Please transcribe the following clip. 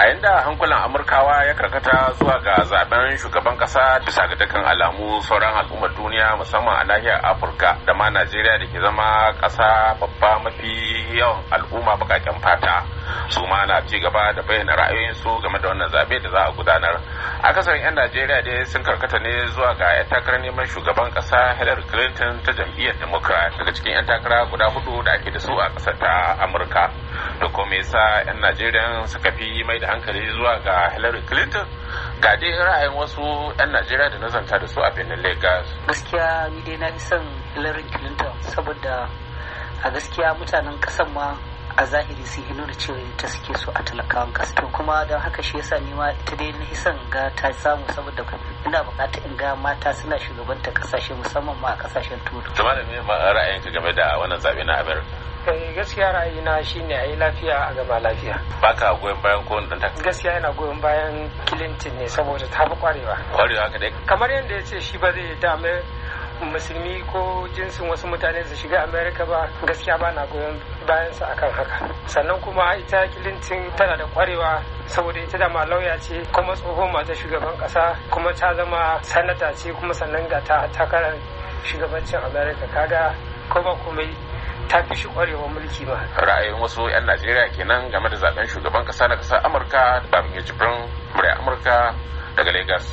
a yanda hankulan amurkawa ya karkata zuwa ga zaben shugaban kasa bisa ga dukkan alamu sauran al'ummar duniya musamman a nahiyar afirka da ma najeriya da ke zama kasa babba mafi yawan al'umma bakaken fata su ma na ci gaba da bayyana ra'ayoyinsu game da wannan zabe da za a gudanar akasarin 'yan najeriya dai sun karkata ne zuwa ga takara neman shugaban kasa hillary clinton ta jam'iyyar democrat daga cikin 'yan takara guda hudu da ake da su a kasar ta amurka da kuma yasa 'yan najeriya suka fi mai da hankali zuwa ga hillary clinton ga dai ra'ayin wasu 'yan najeriya da nazanta da su a benin lagos gaskiya ni dai na fi son hillary clinton saboda a gaskiya mutanen kasan ma a zahiri sai ya nuna cewa ta suke so a talakawan kasa to kuma don haka shi yasa ni ma ita dai na hisan ga ta samu saboda ina bukata in ga mata suna shugabanta kasashe musamman ma a kasashen turai da malami ra'ayinka game da wannan zabe na America eh, gaskiya ra'ayina shine a yi lafiya a gaba lafiya baka goyon bayan ko wanda gaskiya yana goyon bayan clinton ne saboda ta fi kwarewa kwarewa ka dai kamar yadda ya ce shi ba zai dame musulmi ko jinsin wasu mutane su shiga amerika ba gaskiya ba na goyon bayansa akan haka sannan kuma ita kilintin tana da kwarewa saboda ita da ma lauya ce kuma tsohon mata shugaban kasa kuma ta zama sanata ce kuma sannan ga ta takarar shugabancin america kaga kuma kuma ta fi shi kwarewa mulki ba ra'ayin wasu 'yan najeriya kenan game da zaben shugaban kasa na kasar amurka da babin jibrin murya amurka daga lagos